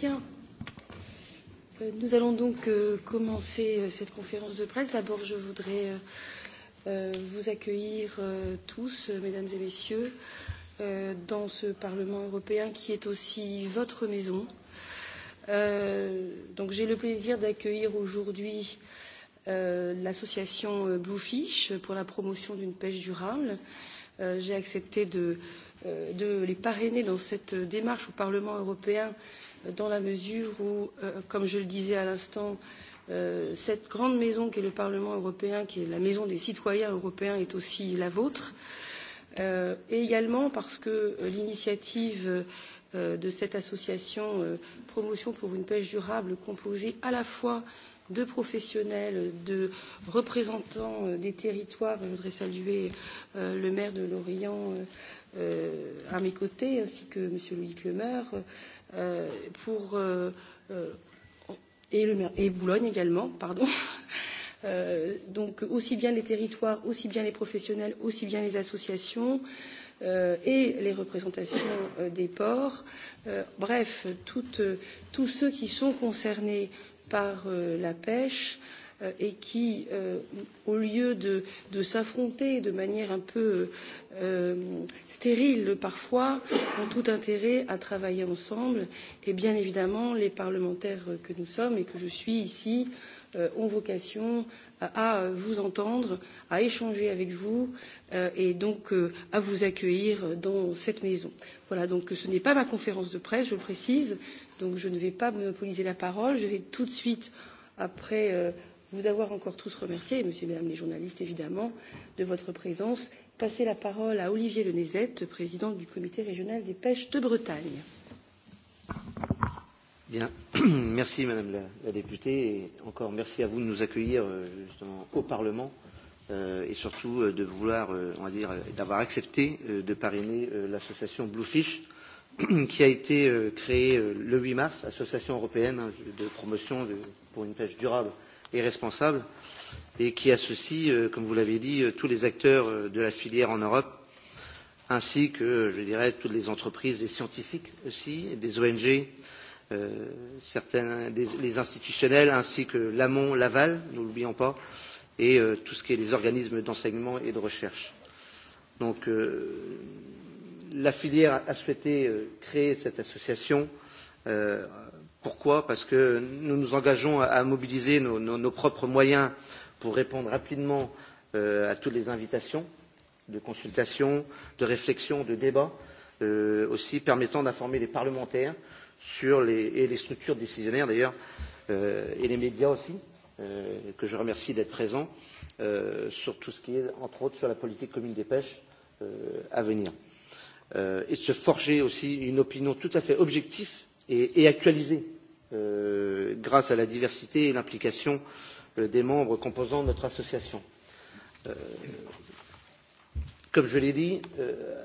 Bien. Nous allons donc commencer cette conférence de presse. D'abord, je voudrais vous accueillir tous, mesdames et messieurs, dans ce Parlement européen qui est aussi votre maison. Donc, j'ai le plaisir d'accueillir aujourd'hui l'association Bluefish pour la promotion d'une pêche durable. J'ai accepté de, de les parrainer dans cette démarche au Parlement européen dans la mesure où, comme je le disais à l'instant, cette grande maison qu'est le Parlement européen, qui est la maison des citoyens européens, est aussi la vôtre. et également parce que l'initiative de cette association Promotion pour une pêche durable, composée à la fois de professionnels, de représentants des territoires. Je voudrais saluer le maire de Lorient, à mes côtés, ainsi que M. Loïc Lemaire, pour, et, Boulogne également, pardon. donc aussi bien les territoires, aussi bien les professionnels, aussi bien les associations et les représentations des ports, bref, tous ceux qui sont concernés par la pêche et qui, au lieu de, s'affronter de manière un peu stérile parfois, ont tout intérêt à travailler ensemble. Et bien évidemment, les parlementaires que nous sommes et que je suis ici ont vocation à vous entendre, à échanger avec vous et donc à vous accueillir dans cette maison. Voilà, donc ce n'est pas ma conférence de presse, je le précise, donc je ne vais pas monopoliser la parole. Je vais tout de suite, après vous avoir encore tous remercié, monsieur et madame les journalistes évidemment, de votre présence. Passer la parole à Olivier Lenezette, président du comité régional des pêches de Bretagne. Bien, merci madame la, la députée et encore merci à vous de nous accueillir justement au Parlement et surtout de vouloir, on va dire, d'avoir accepté de parrainer l'association Bluefish qui a été créée le 8 mars, association européenne de promotion de, pour une pêche durable et responsable et qui associe, comme vous l'avez dit, tous les acteurs de la filière en Europe, ainsi que, je dirais, toutes les entreprises, les scientifiques aussi, des ONG, certains, les institutionnels, ainsi que l'amont, l'aval, nous l'oublions pas, et tout ce qui est les organismes d'enseignement et de recherche. Donc, la filière a souhaité créer cette association Pourquoi Parce que nous nous engageons à mobiliser nos, nos, nos propres moyens pour répondre rapidement euh, à toutes les invitations de consultation, de réflexion, de débat, euh, aussi permettant d'informer les parlementaires sur les, et les structures décisionnaires d'ailleurs, euh, et les médias aussi, euh, que je remercie d'être présents, euh, sur tout ce qui est, entre autres, sur la politique commune des pêches euh, à venir. Euh, et de se forger aussi une opinion tout à fait objective et, et actualisée euh, grâce à la diversité et l'implication des membres composant notre association. Euh, comme je l'ai dit, euh,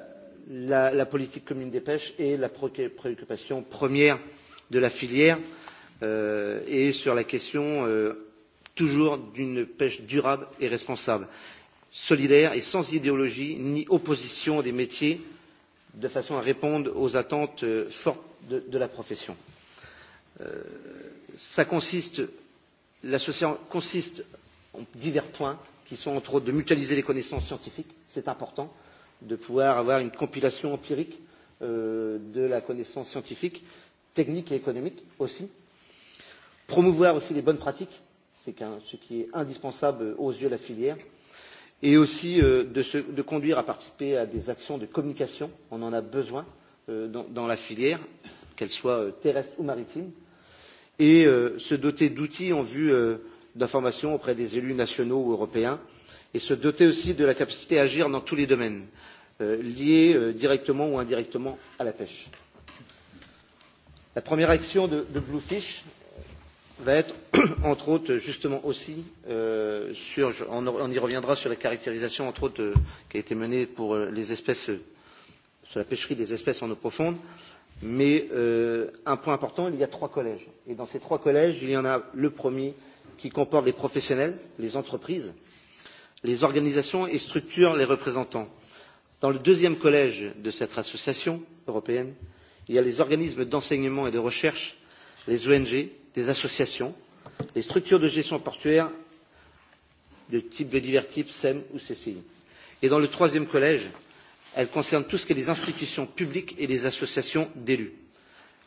la, la politique commune des pêches est la pré préoccupation première de la filière euh, et sur la question euh, toujours d'une pêche durable et responsable, solidaire et sans idéologie ni opposition des métiers de façon à répondre aux attentes fortes de, la profession. ça consiste, l'association consiste en divers points qui sont entre autres de mutualiser les connaissances scientifiques, c'est important, de pouvoir avoir une compilation empirique de la connaissance scientifique, technique et économique aussi. Promouvoir aussi les bonnes pratiques, c'est ce qui est indispensable aux yeux de la filière et aussi de, conduire à participer à des actions de communication. On en a besoin dans, la filière, qu'elle soit terrestre ou maritime, et se doter d'outils en vue d'information auprès des élus nationaux ou européens, et se doter aussi de la capacité à agir dans tous les domaines liés directement ou indirectement à la pêche. La première action de, Bluefish va être, entre autres, justement aussi, euh, sur, on, on y reviendra sur la caractérisation, entre autres, euh, qui a été menée pour les espèces, sur la pêcherie des espèces en eau profonde. Mais euh, un point important, il y a trois collèges. Et dans ces trois collèges, il y en a le premier qui comporte les professionnels, les entreprises, les organisations et structure les représentants. Dans le deuxième collège de cette association européenne, il y a les organismes d'enseignement et de recherche, les ONG, des associations, les structures de gestion portuaire de, type, de divers types, SEM ou CCI. Et dans le troisième collège, elle concerne tout ce qui est les institutions publiques et les associations d'élus.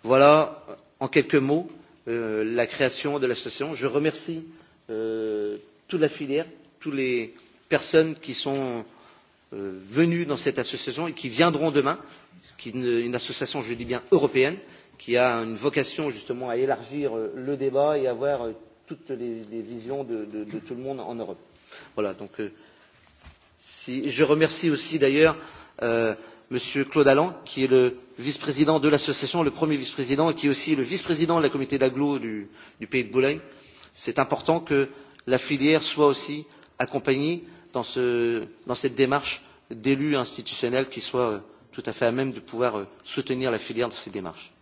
Voilà, en quelques mots, la création de l'association. Je remercie toute la filière, toutes les personnes qui sont venues dans cette association et qui viendront demain, qui est une association, je dis bien, européenne, qui a une vocation justement à élargir le débat et à avoir toutes les, les visions de, de, de tout le monde en Europe. Voilà, donc si, je remercie aussi d'ailleurs euh, Monsieur Claude Allan, qui est le vice-président de l'association, le premier vice-président, et qui est aussi le vice-président de la comité d'agglo du, du pays de Boulogne. C'est important que la filière soit aussi accompagnée dans, ce, dans cette démarche d'élus institutionnels qui soient tout à fait à même de pouvoir soutenir la filière dans ces démarches.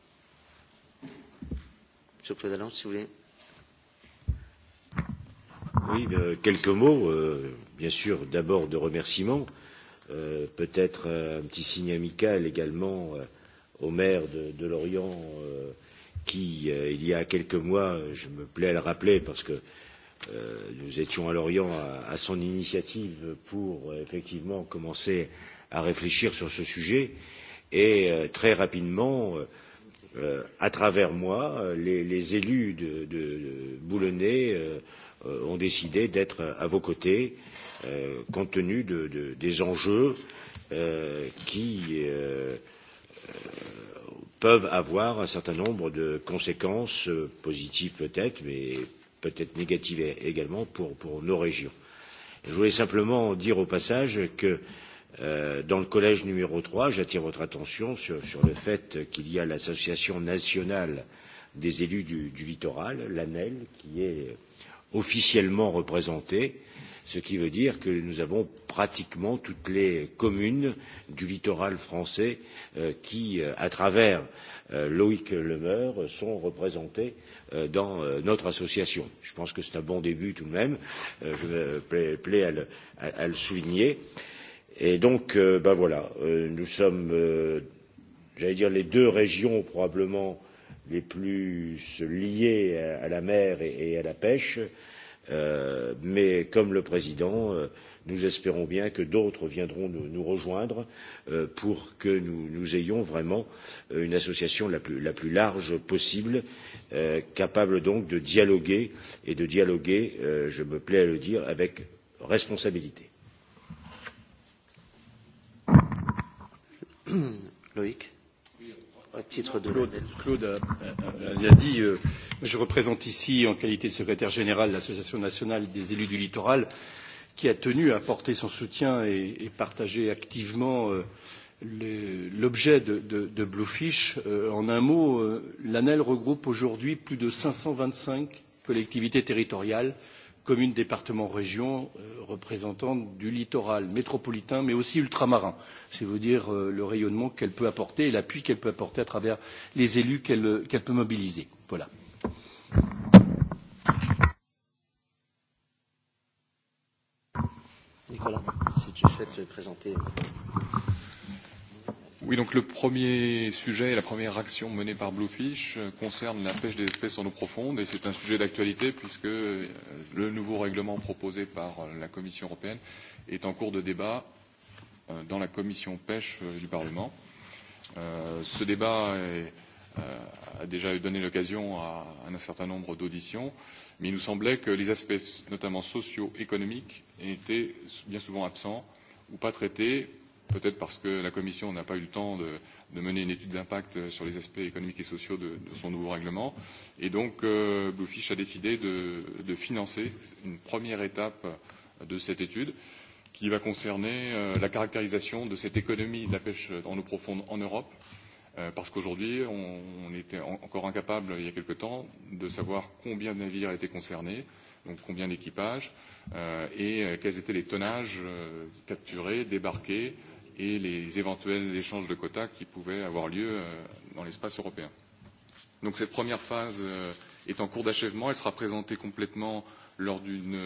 Monsieur Président, si vous voulez. Oui, euh, quelques mots. Euh, bien sûr, d'abord de remerciements. Euh, Peut-être un petit signe amical également euh, au maire de, de Lorient euh, qui, euh, il y a quelques mois, je me plais à le rappeler parce que euh, nous étions à Lorient à, à son initiative pour euh, effectivement commencer à réfléchir sur ce sujet. Et euh, très rapidement, euh, à travers moi, les, élus de, Boulonnais ont décidé d'être à vos côtés, compte tenu des enjeux qui peuvent avoir un certain nombre de conséquences positives peut-être, mais peut-être négatives également pour, nos régions. Je voulais simplement dire au passage que dans le collège numéro trois, j'attire votre attention sur, le fait qu'il y a l'Association nationale des élus du, littoral, l'ANEL, qui est officiellement représentée, ce qui veut dire que nous avons pratiquement toutes les communes du littoral français qui, à travers Loïc Lemeur, sont représentées dans notre association. Je pense que c'est un bon début tout de même, je me plais à le, souligner. Euh, Et donc, ben voilà, nous sommes, j'allais dire, les deux régions probablement les plus liées à, la mer et, à la pêche. mais comme le président, nous espérons bien que d'autres viendront nous, rejoindre pour que nous, ayons vraiment une association la plus, large possible, capable donc de dialoguer et de dialoguer, je me plais à le dire, avec responsabilité. Loïc à titre de Claude, Claude l'a dit, je représente ici, en qualité de secrétaire général, l'Association nationale des élus du littoral, qui a tenu à porter son soutien et, et partager activement l'objet de, de, de Bluefish. en un mot, l'ANEL regroupe aujourd'hui plus de 525 collectivités territoriales, euh, communes, départements, régions représentant du littoral métropolitain mais aussi ultramarin. C'est vous dire le rayonnement qu'elle peut apporter et l'appui qu'elle peut apporter à travers les élus qu'elle peut mobiliser. Voilà. Nicolas, si tu souhaites présenter. Oui, donc le premier sujet et la première action menée par Bluefish concerne la pêche des espèces en eau profonde et c'est un sujet d'actualité puisque le nouveau règlement proposé par la Commission européenne est en cours de débat dans la Commission pêche du Parlement. Ce débat a déjà donné l'occasion à un certain nombre d'auditions, mais il nous semblait que les aspects notamment sociaux, économiques, étaient bien souvent absents ou pas traités peut-être parce que la Commission n'a pas eu le temps de, de mener une étude d'impact sur les aspects économiques et sociaux de, de son nouveau règlement. Et donc, euh, Bluefish a décidé de, de financer une première étape de cette étude qui va concerner euh, la caractérisation de cette économie de la pêche en eau profonde en Europe, euh, parce qu'aujourd'hui, on, on était en, encore incapable, il y a quelque temps, de savoir combien de navires étaient concernés, donc combien d'équipages, euh, et euh, quels étaient les tonnages euh, capturés, débarqués, euh, et les éventuels échanges de quotas qui pouvaient avoir lieu dans l'espace européen. Donc cette première phase est en cours d'achèvement. Elle sera présentée complètement lors d'une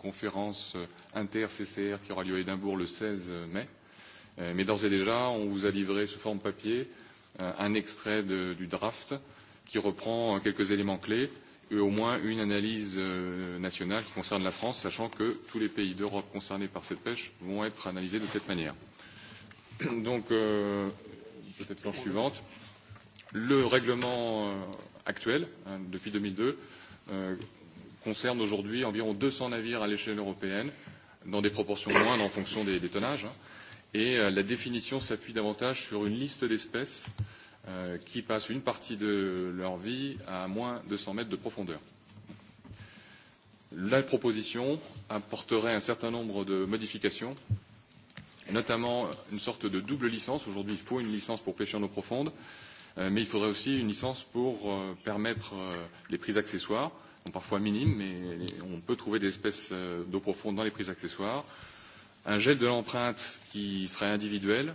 conférence inter-CCR qui aura lieu à Édimbourg le 16 mai. Mais d'ores et déjà, on vous a livré sous forme papier un extrait de, du draft qui reprend quelques éléments clés et au moins une analyse nationale qui concerne la France, sachant que tous les pays d'Europe concernés par cette pêche vont être analysés de cette manière. Donc, euh, peut-être planche suivante. Le règlement euh, actuel, hein, depuis 2002, euh, concerne aujourd'hui environ 200 navires à l'échelle européenne, dans des proportions moindres en fonction des, des tonnages. Hein, et euh, la définition s'appuie davantage sur une liste d'espèces euh, qui passent une partie de leur vie à moins de 100 mètres de profondeur. La proposition apporterait un certain nombre de modifications notamment une sorte de double licence. Aujourd'hui, il faut une licence pour pêcher en eau profonde, mais il faudrait aussi une licence pour permettre les prises accessoires, parfois minimes, mais on peut trouver des espèces d'eau profonde dans les prises accessoires. Un gel de l'empreinte qui serait individuel,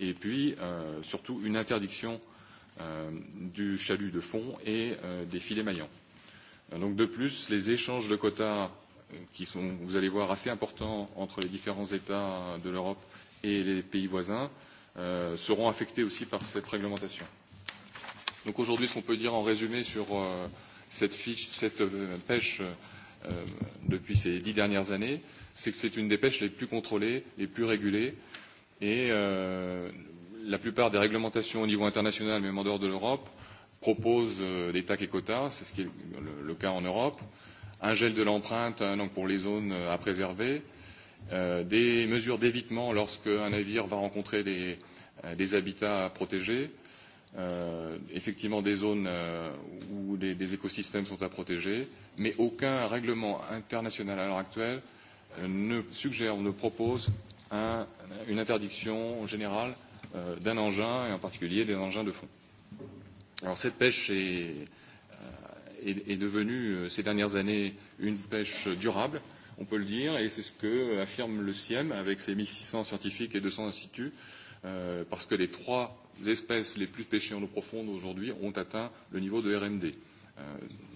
et puis surtout une interdiction du chalut de fond et des filets maillants. Donc de plus, les échanges de quotas qui sont, vous allez voir, assez importants entre les différents États de l'Europe et les pays voisins, euh, seront affectés aussi par cette réglementation. Donc aujourd'hui, ce qu'on peut dire en résumé sur euh, cette, fiche, cette euh, pêche euh, depuis ces dix dernières années, c'est que c'est une des pêches les plus contrôlées, les plus régulées, et euh, la plupart des réglementations au niveau international, même en dehors de l'Europe, proposent euh, des tacs et quotas, c'est ce qui est le, le cas en Europe. Euh, un gel de l'empreinte hein, pour les zones à préserver, euh, des mesures d'évitement lorsqu'un navire va rencontrer des, des habitats protégés, euh, effectivement des zones euh, où des, des écosystèmes sont à protéger, mais aucun règlement international à l'heure actuelle ne suggère ou ne propose un, une interdiction générale euh, d'un engin, et en particulier des engins de fond. Alors cette pêche est, est, est devenue ces dernières années une pêche durable, on peut le dire, et c'est ce que affirme le CIEM avec ses 1600 scientifiques et 200 instituts, euh, parce que les trois espèces les plus pêchées en eau profonde aujourd'hui ont atteint le niveau de RMD. Euh,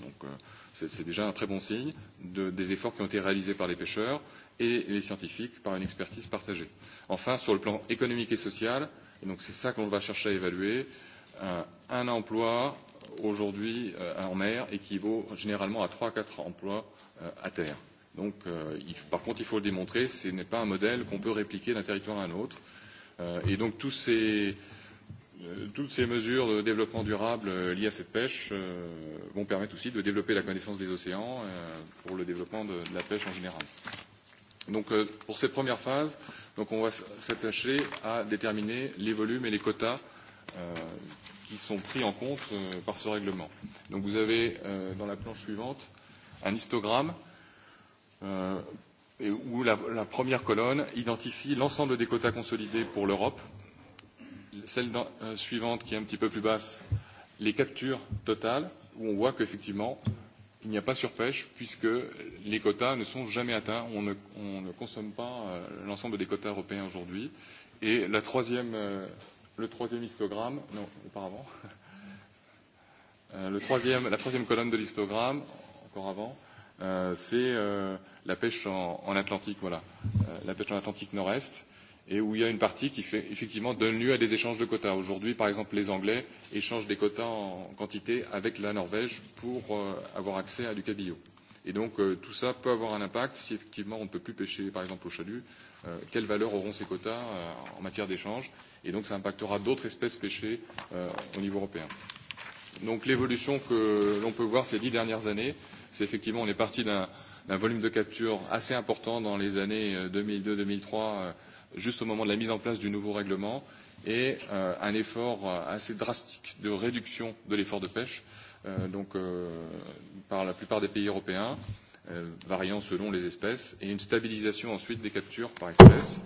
donc euh, c'est déjà un très bon signe de, des efforts qui ont été réalisés par les pêcheurs et les scientifiques par une expertise partagée. Enfin, sur le plan économique et social, et donc c'est ça qu'on va chercher à évaluer, euh, un emploi aujourd'hui en mer équivaut généralement à trois à quatre emplois à terre. Donc, par contre, il faut le démontrer, ce n'est pas un modèle qu'on peut répliquer d'un territoire à un autre. et donc, tous ces, toutes ces mesures de développement durable liées à cette pêche vont permettre aussi de développer la connaissance des océans pour le développement de, la pêche en général. Donc, pour cette première phase, donc on va s'attacher à déterminer les volumes et les quotas qui sont pris en compte euh, par ce règlement. Donc vous avez euh, dans la planche suivante un histogramme euh, et où la, la première colonne identifie l'ensemble des quotas consolidés pour l'Europe. Celle dans, euh, suivante, qui est un petit peu plus basse, les captures totales, où on voit qu'effectivement, il n'y a pas surpêche, puisque les quotas ne sont jamais atteints. On ne, on ne consomme pas euh, l'ensemble des quotas européens aujourd'hui. Et la troisième euh, le troisième histogramme, non, auparavant, euh, le troisième, la troisième colonne de l'histogramme, encore avant, euh, c'est euh, la pêche en, en Atlantique, voilà, euh, la pêche en Atlantique Nord-Est, et où il y a une partie qui fait, effectivement donne lieu à des échanges de quotas. Aujourd'hui, par exemple, les Anglais échangent des quotas en quantité avec la Norvège pour euh, avoir accès à du cabillaud. Et donc euh, tout ça peut avoir un impact. Si effectivement on ne peut plus pêcher, par exemple, au chalut, euh, quelle valeur auront ces quotas euh, en matière d'échange Et donc ça impactera d'autres espèces pêchées euh, au niveau européen. Donc l'évolution que l'on peut voir ces dix dernières années, c'est effectivement on est parti d'un volume de capture assez important dans les années 2002-2003, juste au moment de la mise en place du nouveau règlement, et euh, un effort assez drastique de réduction de l'effort de pêche donc, par la plupart des pays européens, variant selon les espèces, et une stabilisation ensuite des captures par espèce.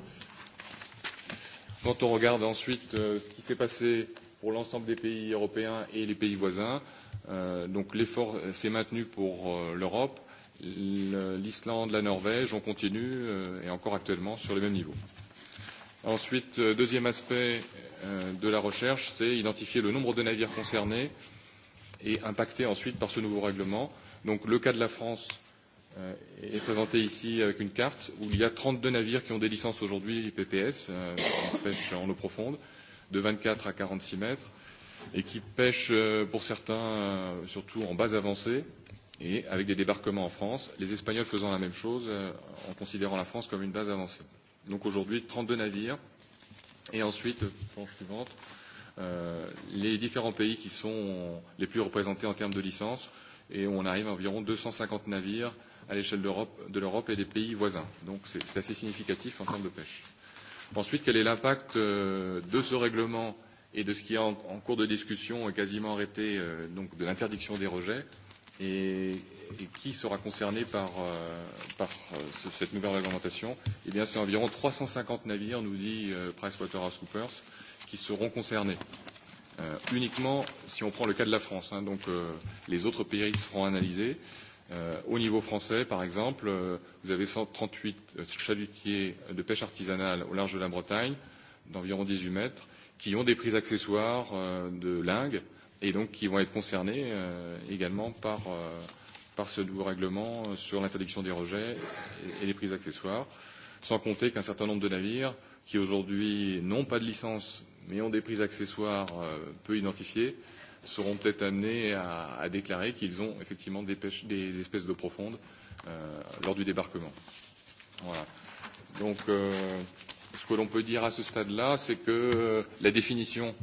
Quand on regarde ensuite ce qui s'est passé pour l'ensemble des pays européens et les pays voisins, donc l'effort s'est maintenu pour l'Europe, l'Islande, la Norvège, on continue et encore actuellement sur le même niveau. Ensuite, deuxième aspect de la recherche, c'est identifier le nombre de navires concernés et impacté ensuite par ce nouveau règlement. Donc le cas de la France est présenté ici avec une carte où il y a 32 navires qui ont des licences aujourd'hui PPS, pêche en eau profonde, de 24 à 46 mètres, et qui pêchent pour certains surtout en base avancée et avec des débarquements en France, les Espagnols faisant la même chose en considérant la France comme une base avancée. Donc aujourd'hui, 32 navires. Et ensuite, planche suivante, euh, les différents pays qui sont les plus représentés en termes de licences et on arrive à environ 250 navires à l'échelle de l'Europe et des pays voisins. Donc c'est assez significatif en termes de pêche. Ensuite, quel est l'impact de ce règlement et de ce qui est en, en cours de discussion quasiment arrêté, euh, donc de l'interdiction des rejets, et, et qui sera concerné par, euh, par euh, cette nouvelle réglementation Eh bien, c'est environ 350 navires, nous dit euh, PricewaterhouseCoopers, qui seront concernés. Euh, uniquement si on prend le cas de la France, hein, donc euh, les autres pays seront analysés. Euh, au niveau français, par exemple, euh, vous avez 138 chalutiers de pêche artisanale au large de la Bretagne, d'environ 18 mètres, qui ont des prises accessoires euh, de lingues et donc qui vont être concernés euh, également par, euh, par ce nouveau règlement sur l'interdiction des rejets et, et les prises accessoires, sans compter qu'un certain nombre de navires qui aujourd'hui n'ont pas de licence mais ont des prises accessoires peu identifiées, seront peut-être amenés à, à déclarer qu'ils ont effectivement des, pêches, des espèces d'eau profonde euh, lors du débarquement. Voilà. Donc, euh, ce que l'on peut dire à ce stade-là, c'est que la définition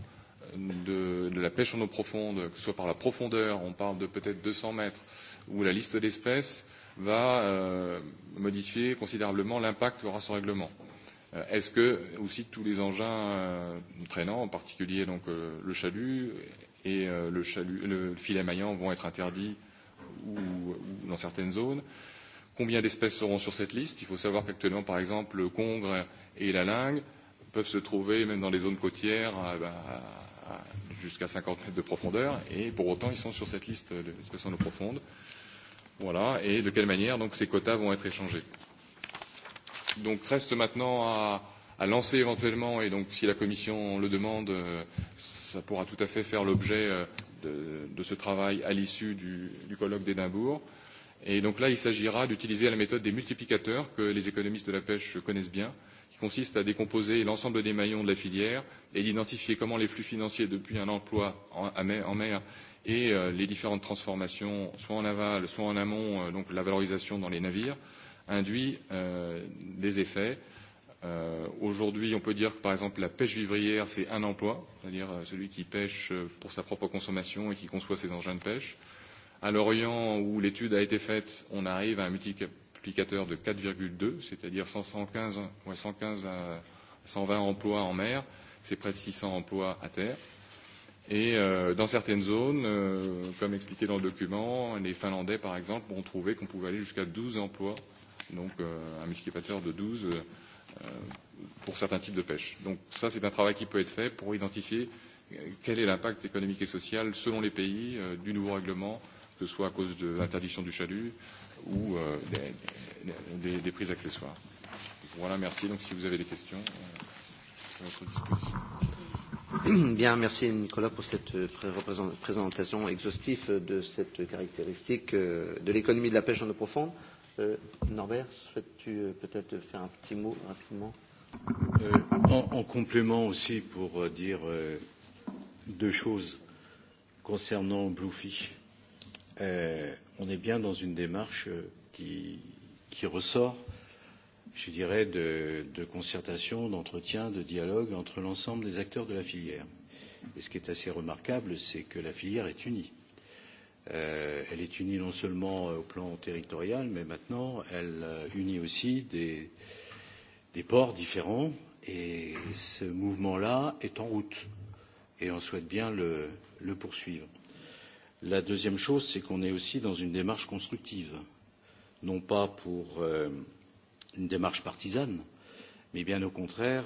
de, de la pêche en eau profonde, que ce soit par la profondeur, on parle de peut-être 200 mètres, ou la liste d'espèces, va euh, modifier considérablement l'impact qu'aura ce règlement. Euh, Est-ce que aussi tous les engins traînants, en particulier donc le chalut et le, chalut, le filet maillant, vont être interdits ou, ou dans certaines zones Combien d'espèces seront sur cette liste Il faut savoir qu'actuellement, par exemple, le congre et la lingue peuvent se trouver même dans les zones côtières jusqu'à 50 mètres de profondeur, et pour autant, ils sont sur cette liste d'espèces en eau profonde. Voilà, et de quelle manière donc ces quotas vont être échangés Donc reste maintenant à, à lancer éventuellement, et donc si la Commission le demande, ça pourra tout à fait faire l'objet de, de ce travail à l'issue du, du colloque d'Édimbourg. Et donc là, il s'agira d'utiliser la méthode des multiplicateurs que les économistes de la pêche connaissent bien, qui consiste à décomposer l'ensemble des maillons de la filière et d'identifier comment les flux financiers depuis un emploi en mer et les différentes transformations, soit en aval, soit en amont, donc la valorisation dans les navires, induit euh, des effets. Euh, Aujourd'hui, on peut dire que par exemple la pêche vivrière, c'est un emploi, c'est-à-dire celui qui pêche pour sa propre consommation et qui conçoit ses engins de pêche. À l'Orient, où l'étude a été faite, on arrive à un multiplicateur de 4,2, c'est-à-dire 115, ouais, 115 à 120 emplois en mer, c'est près de 600 emplois à terre. Et euh, dans certaines zones, euh, comme expliqué dans le document, les Finlandais, par exemple, ont trouvé qu'on pouvait aller jusqu'à 12 emplois donc euh, un multiplicateur de 12 euh, pour certains types de pêche. Donc ça, c'est un travail qui peut être fait pour identifier quel est l'impact économique et social selon les pays euh, du nouveau règlement, que ce soit à cause de l'interdiction du chalut ou euh, des, des, des prises accessoires. Voilà, merci. Donc si vous avez des questions, euh, à votre disposition. Bien, merci Nicolas pour cette présentation exhaustive de cette caractéristique de l'économie de la pêche en eau profonde. Norbert, souhaites-tu peut-être faire un petit mot rapidement en, complément aussi pour dire deux choses concernant Bluefish. on est bien dans une démarche qui, ressort, je dirais, de, concertation, d'entretien, de dialogue entre l'ensemble des acteurs de la filière. Et ce qui est assez remarquable, c'est que la filière est unie elle est unie non seulement au plan territorial, mais maintenant elle unit aussi des, ports différents. Et ce mouvement-là est en route et on souhaite bien le, poursuivre. La deuxième chose, c'est qu'on est aussi dans une démarche constructive, non pas pour une démarche partisane, mais bien au contraire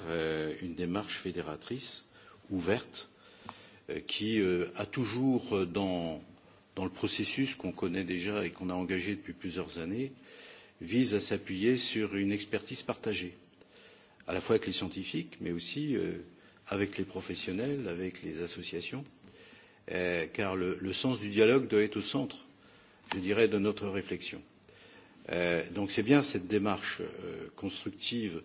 une démarche fédératrice, ouverte, qui a toujours dans dans le processus qu'on connaît déjà et qu'on a engagé depuis plusieurs années, vise à s'appuyer sur une expertise partagée, à la fois avec les scientifiques, mais aussi avec les professionnels, avec les associations, car le, sens du dialogue doit être au centre, je dirais, de notre réflexion. donc c'est bien cette démarche constructive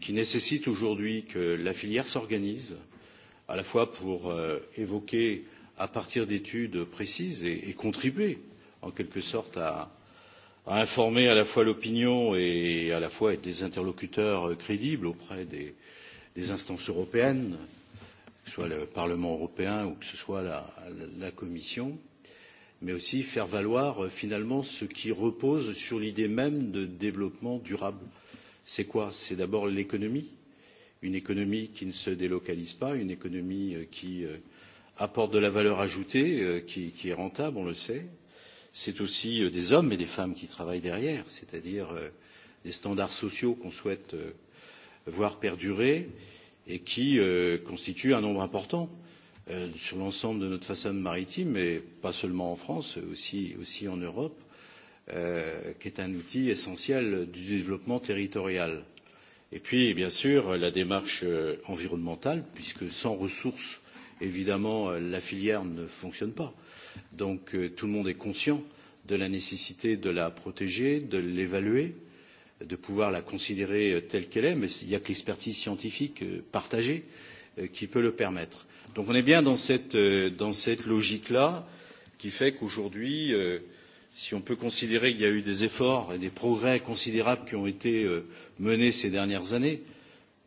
qui nécessite aujourd'hui que la filière s'organise, à la fois pour évoquer à partir d'études précises et, contribuer en quelque sorte à, informer à la fois l'opinion et à la fois être des interlocuteurs crédibles auprès des, instances européennes, que ce soit le Parlement européen ou que ce soit la, Commission, mais aussi faire valoir finalement ce qui repose sur l'idée même de développement durable. C'est quoi C'est d'abord l'économie, une économie qui ne se délocalise pas, une économie qui euh, apporte de la valeur ajoutée qui, est rentable, on le sait. C'est aussi des hommes et des femmes qui travaillent derrière, c'est-à-dire des standards sociaux qu'on souhaite voir perdurer et qui constituent un nombre important sur l'ensemble de notre façade maritime, et pas seulement en France, aussi, aussi en Europe, qui est un outil essentiel du développement territorial. Et puis, bien sûr, la démarche environnementale, puisque sans ressources évidemment, la filière ne fonctionne pas. Donc tout le monde est conscient de la nécessité de la protéger, de l'évaluer, de pouvoir la considérer telle qu'elle est, mais il n'y a que l'expertise scientifique partagée qui peut le permettre. Donc on est bien dans cette, logique-là qui fait qu'aujourd'hui, si on peut considérer qu'il y a eu des efforts et des progrès considérables qui ont été menés ces dernières années,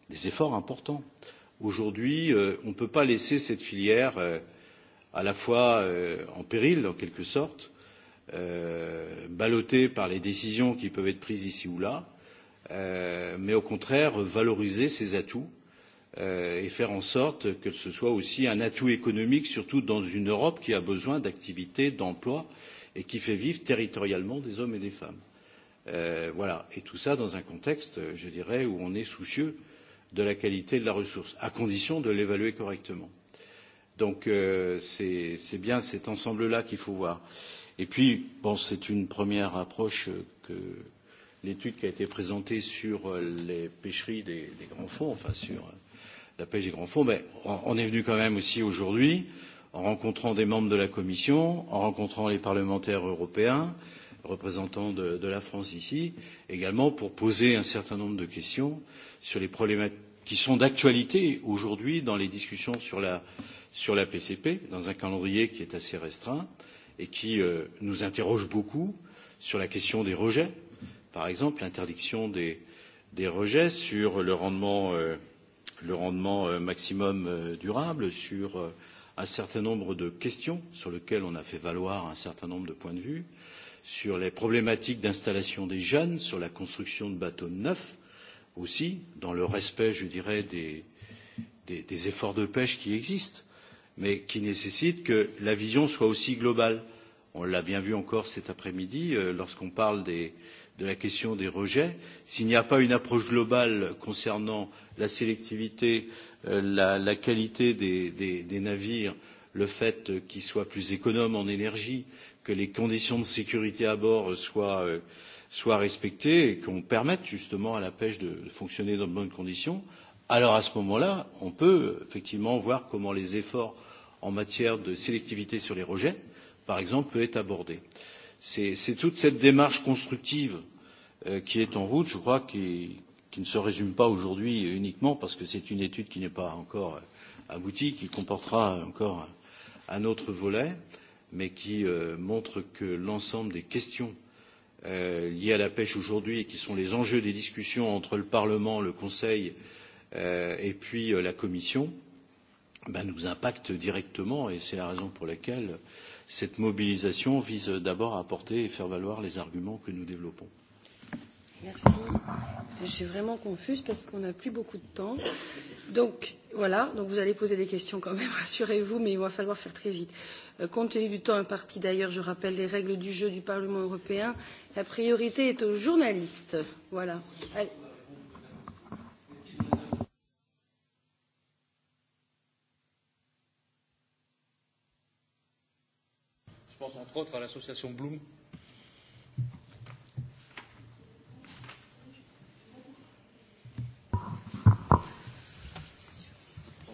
des efforts importants, euh, Aujourd'hui, on ne peut pas laisser cette filière à la fois en péril, en quelque sorte, ballottée par les décisions qui peuvent être prises ici ou là, mais au contraire valoriser ses atouts et faire en sorte que ce soit aussi un atout économique, surtout dans une Europe qui a besoin d'activités, d'emplois et qui fait vivre territorialement des hommes et des femmes. voilà. Et tout ça dans un contexte, je dirais, où on est soucieux de la qualité de la ressource, à condition de l'évaluer correctement. Donc c'est bien cet ensemble-là qu'il faut voir. Et puis, bon, c'est une première approche que l'étude qui a été présentée sur les pêcheries des, des grands fonds, enfin sur la pêche des grands fonds, mais on est venu quand même aussi aujourd'hui en rencontrant des membres de la Commission, en rencontrant les parlementaires européens, euh, représentant de, de la France ici, également pour poser un certain nombre de questions sur les problématiques qui sont d'actualité aujourd'hui dans les discussions sur la, sur la PCP, dans un calendrier qui est assez restreint et qui euh, nous interroge beaucoup sur la question des rejets, par exemple l'interdiction des, des rejets sur le rendement, euh, le rendement maximum durable, sur un certain nombre de questions sur lesquelles on a fait valoir un certain nombre de points de vue. Euh, sur les problématiques d'installation des jeunes, sur la construction de bateaux neufs aussi, dans le respect, je dirais, des, des, des efforts de pêche qui existent, mais qui nécessitent que la vision soit aussi globale. On l'a bien vu encore cet après-midi, lorsqu'on parle des, de la question des rejets. S'il n'y a pas une approche globale concernant la sélectivité, la, qualité des, navires, le fait qu'ils soient plus économes en énergie, que les conditions de sécurité à bord soient, respectées et qu'on permette justement à la pêche de fonctionner dans de bonnes conditions, alors à ce moment-là, on peut effectivement voir comment les efforts en matière de sélectivité sur les rejets, par exemple, peuvent être abordés. C'est toute cette démarche constructive qui est en route, je crois, qui, qui ne se résume pas aujourd'hui uniquement parce que c'est une étude qui n'est pas encore aboutie, qui comportera encore un autre volet. Euh, mais qui montre que l'ensemble des questions liées à la pêche aujourd'hui, qui sont les enjeux des discussions entre le Parlement, le Conseil et puis la Commission, nous impactent directement et c'est la raison pour laquelle cette mobilisation vise d'abord à apporter et faire valoir les arguments que nous développons. Merci. Je suis vraiment confuse parce qu'on n'a plus beaucoup de temps. Donc voilà, donc vous allez poser des questions quand même, rassurez-vous, mais il va falloir faire très vite. Compte tenu du temps imparti d'ailleurs, je rappelle les règles du jeu du Parlement européen. La priorité est aux journalistes. Voilà. Allez. Je pense entre autres à l'association Bloom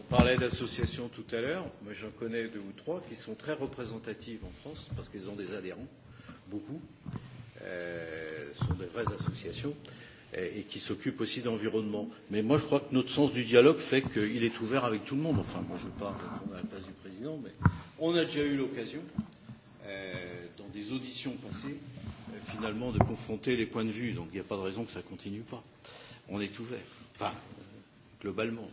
parlait d'associations tout à l'heure, mais j'en connais deux ou trois qui sont très représentatives en France parce qu'elles ont des adhérents, beaucoup, euh, sont de vraies associations et qui s'occupent aussi d'environnement. Mais moi, je crois que notre sens du dialogue fait qu'il est ouvert avec tout le monde. Enfin, moi, je ne veux pas répondre à la place du président, mais on a déjà eu l'occasion, euh, dans des auditions passées, euh, finalement, de confronter les points de vue. Donc, il n'y a pas de raison que ça ne continue pas. On est ouvert. Enfin, globalement.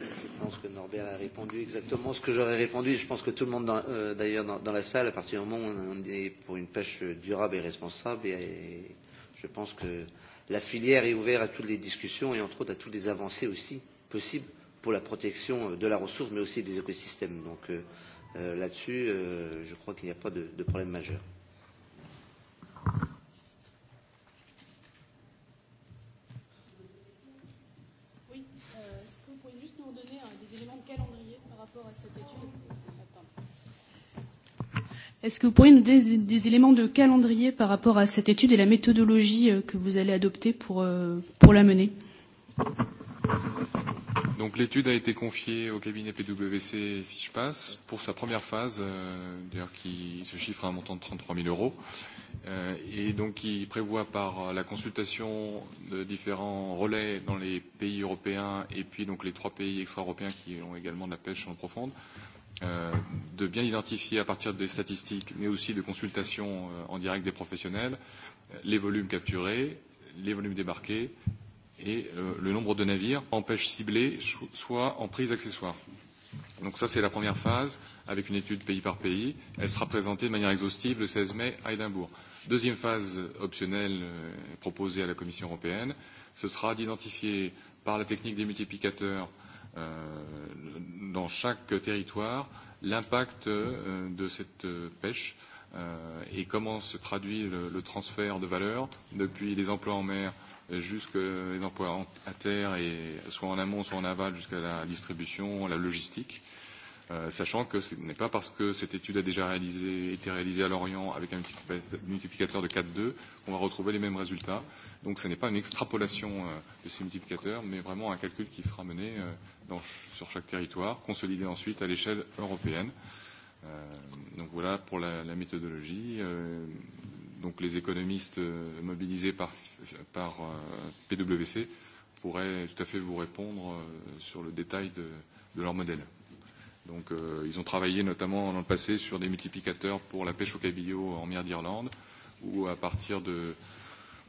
Je pense que Norbert a répondu exactement ce que j'aurais répondu. Je pense que tout le monde, dans, euh, d'ailleurs, dans, dans la salle, à partir du moment où on est pour une pêche durable et responsable, et je pense que la filière est ouverte à toutes les discussions et entre autres à toutes les avancées aussi possibles pour la protection de la ressource, mais aussi des écosystèmes. Donc euh, là-dessus, euh, je crois qu'il n'y a pas de, de problème majeur. Est-ce que vous pourriez nous donner des, des éléments de calendrier par rapport à cette étude et la méthodologie que vous allez adopter pour, pour la mener Donc l'étude a été confiée au cabinet PwC Fichepass pour sa première phase, euh, d'ailleurs qui se chiffre à un montant de 33 000 euros, euh, et donc qui prévoit par la consultation de différents relais dans les pays européens et puis donc les trois pays extra-européens qui ont également de la pêche en profonde, euh, de bien identifier à partir des statistiques, mais aussi de consultations en direct des professionnels, les volumes capturés, les volumes débarqués et le nombre de navires en pêche ciblée, soit en prise accessoire. Donc ça, c'est la première phase, avec une étude pays par pays. Elle sera présentée de manière exhaustive le 16 mai à Édimbourg. Deuxième phase optionnelle proposée à la Commission européenne, ce sera d'identifier par la technique des multiplicateurs euh, dans chaque territoire l'impact de cette pêche et comment se traduit le, le transfert de valeur depuis les emplois en mer les emplois à terre et soit en amont soit en aval jusqu'à la distribution, la logistique. Euh, sachant que ce n'est pas parce que cette étude a déjà réalisé, été réalisée à Lorient avec un multiplicateur de 4,2 qu'on va retrouver les mêmes résultats. Donc ce n'est pas une extrapolation de ces multiplicateurs, mais vraiment un calcul qui sera mené dans, sur chaque territoire, consolidé ensuite à l'échelle européenne. donc voilà pour la, la méthodologie. donc les économistes mobilisés par, par PwC pourraient tout à fait vous répondre sur le détail de, de leur modèle. Donc euh, ils ont travaillé notamment dans le passé sur des multiplicateurs pour la pêche au cabillaud en mer d'Irlande, où à partir de,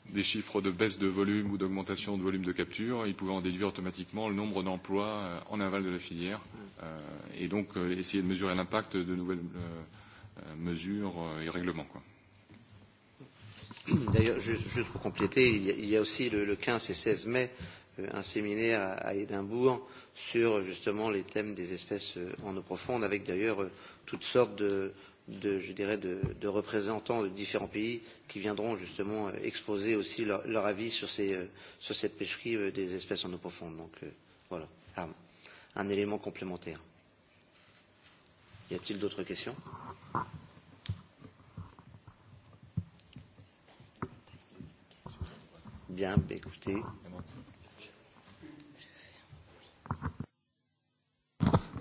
des chiffres de baisse de volume ou d'augmentation de volume de capture, ils pouvaient en déduire automatiquement le nombre d'emplois en aval de la filière, euh, et donc euh, essayer de mesurer l'impact de nouvelles euh, mesures et règlements. Quoi. D'ailleurs, juste, juste pour compléter, il y a, il y a aussi le, le 15 et 16 mai un séminaire à Édimbourg sur justement les thèmes des espèces en eau profonde, avec d'ailleurs toutes sortes de, de, je dirais, de, de représentants de différents pays qui viendront justement exposer aussi leur, leur avis sur, ces, sur cette pêcherie des espèces en eau profonde. Donc voilà, un, un élément complémentaire. Y a-t-il d'autres questions Bien, écoutez.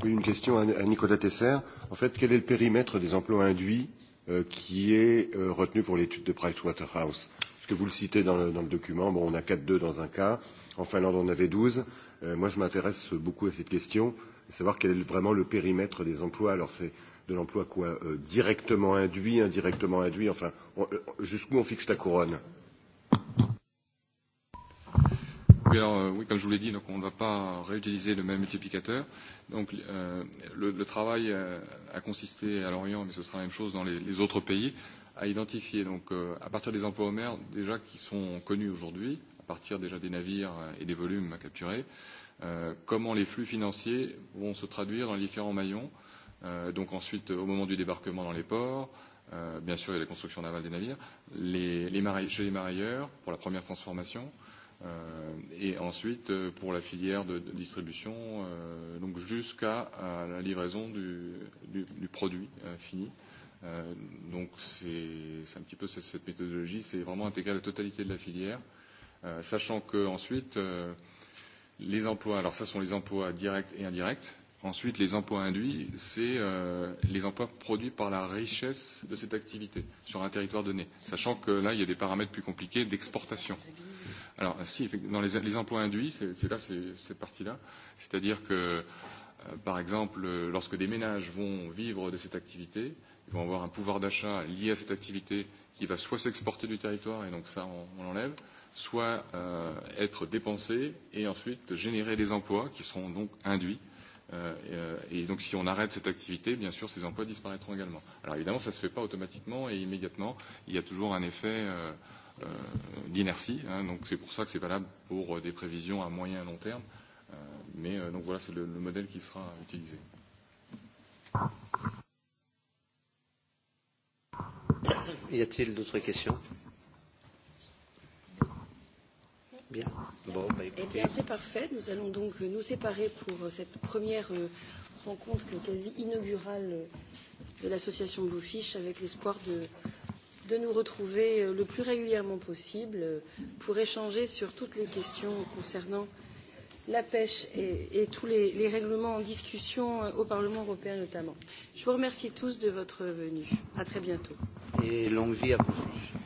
une question à, à Nicolas Tesser. En fait, quel est le périmètre des emplois induits euh, qui est euh, retenu pour l'étude de Pricewaterhouse Parce que vous le citez dans le, dans le document, bon, on a 4-2 dans un cas, en Finlande on avait 12. Euh, moi, je m'intéresse beaucoup à cette question, savoir quel est vraiment le périmètre des emplois. Alors, c'est de l'emploi quoi euh, Directement induit, indirectement induit, enfin, jusqu'où on fixe la couronne Oui, alors, euh, oui, comme je vous l'ai dit, donc on ne va pas réutiliser le même multiplicateur. Donc, euh, le, le travail euh, a consisté à l'Orient, mais ce sera la même chose dans les, les autres pays, à identifier, donc, euh, à partir des emplois mer, déjà qui sont connus aujourd'hui, à partir déjà des navires et des volumes à capturer, euh, comment les flux financiers vont se traduire dans les différents maillons. Euh, donc, ensuite, au moment du débarquement dans les ports, euh, bien sûr, il y a la construction navale des navires, les, les marais, chez les marailleurs pour la première transformation. Euh, et ensuite pour la filière de, de distribution, euh, donc jusqu'à la livraison du, du, du produit euh, fini. Euh, donc c'est un petit peu cette, cette méthodologie, c'est vraiment intégrer la totalité de la filière, euh, sachant que ensuite euh, les emplois, alors ça sont les emplois directs et indirects. Ensuite, les emplois induits, c'est euh, les emplois produits par la richesse de cette activité sur un territoire donné, sachant que là, il y a des paramètres plus compliqués d'exportation. Euh, Alors, si, dans les, les emplois induits, c'est là, c'est cette partie-là. C'est-à-dire que, par exemple, lorsque des ménages vont vivre de cette activité, ils vont avoir un pouvoir d'achat lié à cette activité qui va soit s'exporter du territoire, et donc ça, on, on l'enlève, soit euh, être dépensé et ensuite générer des emplois qui seront donc induits. Euh, et donc, si on arrête cette activité, bien sûr, ces emplois disparaîtront également. Alors, évidemment, ça ne se fait pas automatiquement et immédiatement. Il y a toujours un effet. Euh, euh, d'inertie. Hein, donc c'est pour ça que c'est valable pour des prévisions à moyen et long terme. Euh, mais euh, donc voilà, c'est le, le modèle qui sera utilisé. Y a-t-il d'autres questions Bien. Bon, bah écoutez. Eh bien, c'est parfait. Nous allons donc nous séparer pour cette première rencontre quasi inaugurale de l'association Bluefish avec l'espoir de de nous retrouver le plus régulièrement possible pour échanger sur toutes les questions concernant la pêche et, tous les, les règlements en discussion au Parlement européen notamment. Je vous remercie tous de votre venue. À très bientôt. Et longue vie à vous.